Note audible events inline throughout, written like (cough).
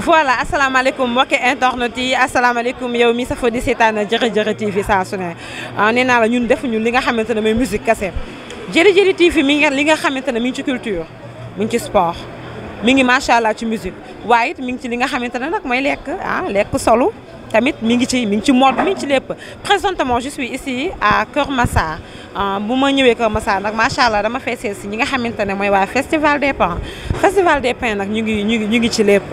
voilà asalaamaaleykum mbokki internet yi asalaamaaleykum yow mi safo di seetaan jere jere TV sa suné ne ah, la ñun defuñu li nga xamante ne musique cassette jere jere TV mi nga li nga xamante mi ci culture mi ci sport mi ngi machallah ci musique waye mi ngi ci li nga xamante nak nag mooy ah lekk solo tamit mi ngi ci mi ngi ci mode mi ngi ci lépp présentement je suis ici à Kër massa ah, bu ma ñëwee Kër Massar nag dama fessé ci si ñi nga xamante moy wa festival des pains festival des pains nak ñu ngi ñu ngi ñu ci lépp.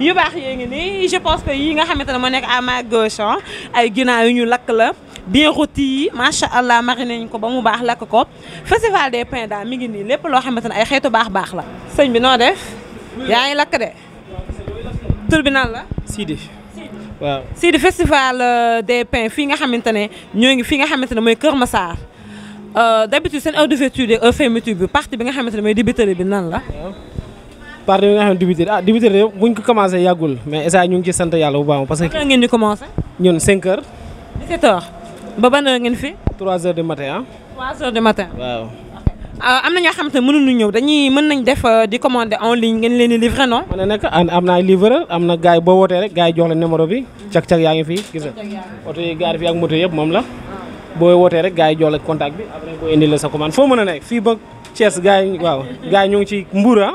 yu baax yee je pense que yi nga xamante ne moo nekk à ma gauche ah, ay ginaar yu ñu lakk la bien rôti yi macha allah mariné nañ ko ba mu baax lakk ko festival des pains daal mi ngi nii lépp loo xamante ne ay xeetu baax baax la. sëñ bi noo def. yaa ngi lakk de. tur bi la. Sidi. waaw Sidi festival euh, des pains fii nga xamante ne ñoo ngi fii nga xamante ne mooy Kër Massar euh, d'habitude seen heure d'ouverture de heure fermeture bi partie bi nga xamante ne mooy débiteri bi nan la. parti bi nga xam ne débuté ah de buñ ko commencé yàggul mais esa ñu ngi ci sant yàlla bu baax parce que. kañ ngeen di commencé. ñun 5 heures. 17 heures. ba ban heure ngeen fi. 3 heures du ma ah. 3 heures du matin. waaw. Ah, am na ñoo xam te mënuñu ñëw dañuy mën nañ def euh, di commander en ligne ngeen leen di livrer non. mën na nekk am na ay livreur am na gars yi boo bi. cag-cag yaa ngi fi gis nga. oto yi gaari fi ak moom la. boo wootee rek gars yi jox la contact bi après boo indi la sa commande foo a nekk fii ba Thiès gars yi waaw gars yi ñu ngi ci Mbour ah.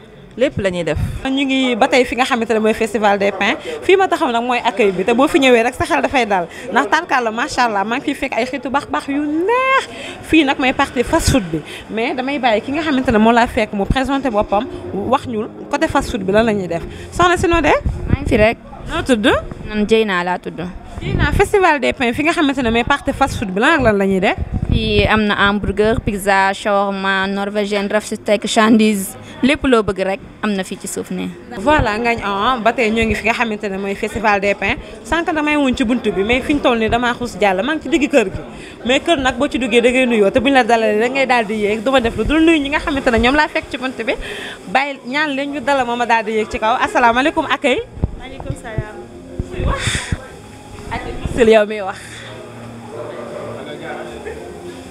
lépp lañuy def. ñu ngi ba tey fi nga xamante ne mooy festival des pains fii ma taxaw nag mooy accueil bi te boo fi ñëwee rek sa xel dafay dal ndax tarkalla macha allah maa ngi fiy fekk ay xitu baax-baax yu neex fii nag may partie fast food bi mais damay bàyyi ki nga xamante ne moo laa fekk mu présenté boppam wax ñu côté fast food bi lan la ñuy def soxna si noo de. maa ngi fi rek. noo tudd. man Dieyna laa tudd. Dieyna festival des pains fi nga xamante ne mooy partie fast food bi lan ak lan la ñuy def. fii am na hamburger pizza shawarma norvégienne rafsteak chandise lépp loo bëgg rek am na fii ci suuf ne voilà ngañ on ah, ba tey ñoo ngi fi nga xamante ne mooy festival des pains sànq damay woon ci bunt bi mais fi ñu toll nii damaa xuus jàll maa ngi ci digg kër gi mais kër nag boo ci duggee da ngay nuyoo te buñ la dalalee da ngay daal di yéeg duma def lu dul nuyu ñi nga xamante ne ñoom laa fekk ci bunt bi bàyyi ñaan leen ñu dala moom ma daal di yéeg ci kaw asalaamaaleykum akay maaleykum salaam yow miy wax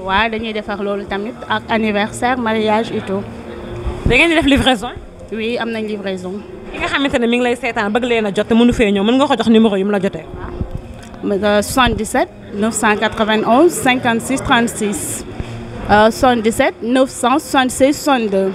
Oui, dañuy defar loolu tamit ak anniversaire mariage et tout. Vous avez fait def livraison. oui on fait livraison. ki nga savez mi ngi lay vous a mënu numéro 77 991 56 36 77 976 62.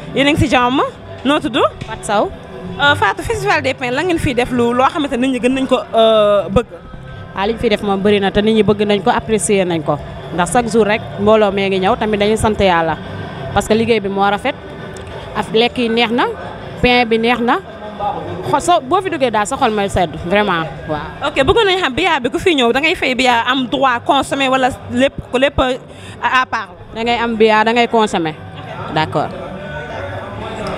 yeneng ci jamm si tuddu fat saw euh Fatou festival des pains la ngeen fi def lu lo xamanteni nit ñi gën nañ ko euh, bëgg. a ah, liñ fi def mo bëri na te nit ñi bëgg nañ ko apprécier nañ ko ndax chaque jour rek mbolo me ngi ñew tamit dañuy sante yalla parce que liggéey bi mo rafet af lek yi neexna pain bi neexna xoso bo fi duggé da sa xol may sedd vraiment waaw. ok bëggoon nañ xam biya bi ku fi ñew da ngay fay biya am droit consommer wala lépp lepp à part. da ngay am biya da ngay consommer d'accord.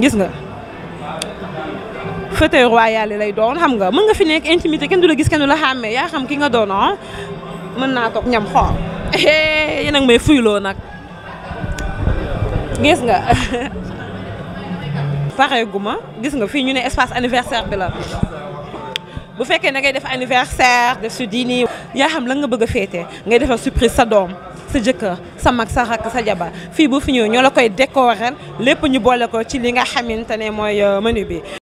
gis nga fauteuil royal lay doon xam nga mën nga fi nekk intimité kenn du la gis kenn du la xàmmee yaa xam ki nga doon ah. mën naa toog ñam xool (laughs) yéen a ngi may fuyloo nag gis nga (laughs) pare ma gis nga fii ñu ne espace anniversaire bi la bu fekkee na ngay def anniversaire def su diini yaa xam la nga bëgg a féete ngay defal surprise sa doom sa jëkkër sa mag sa rakk sa jabar fii bu fi ñëw ñoo la koy décorer lépp ñu boole ko ci li nga xamante ne mooy euh, menu bi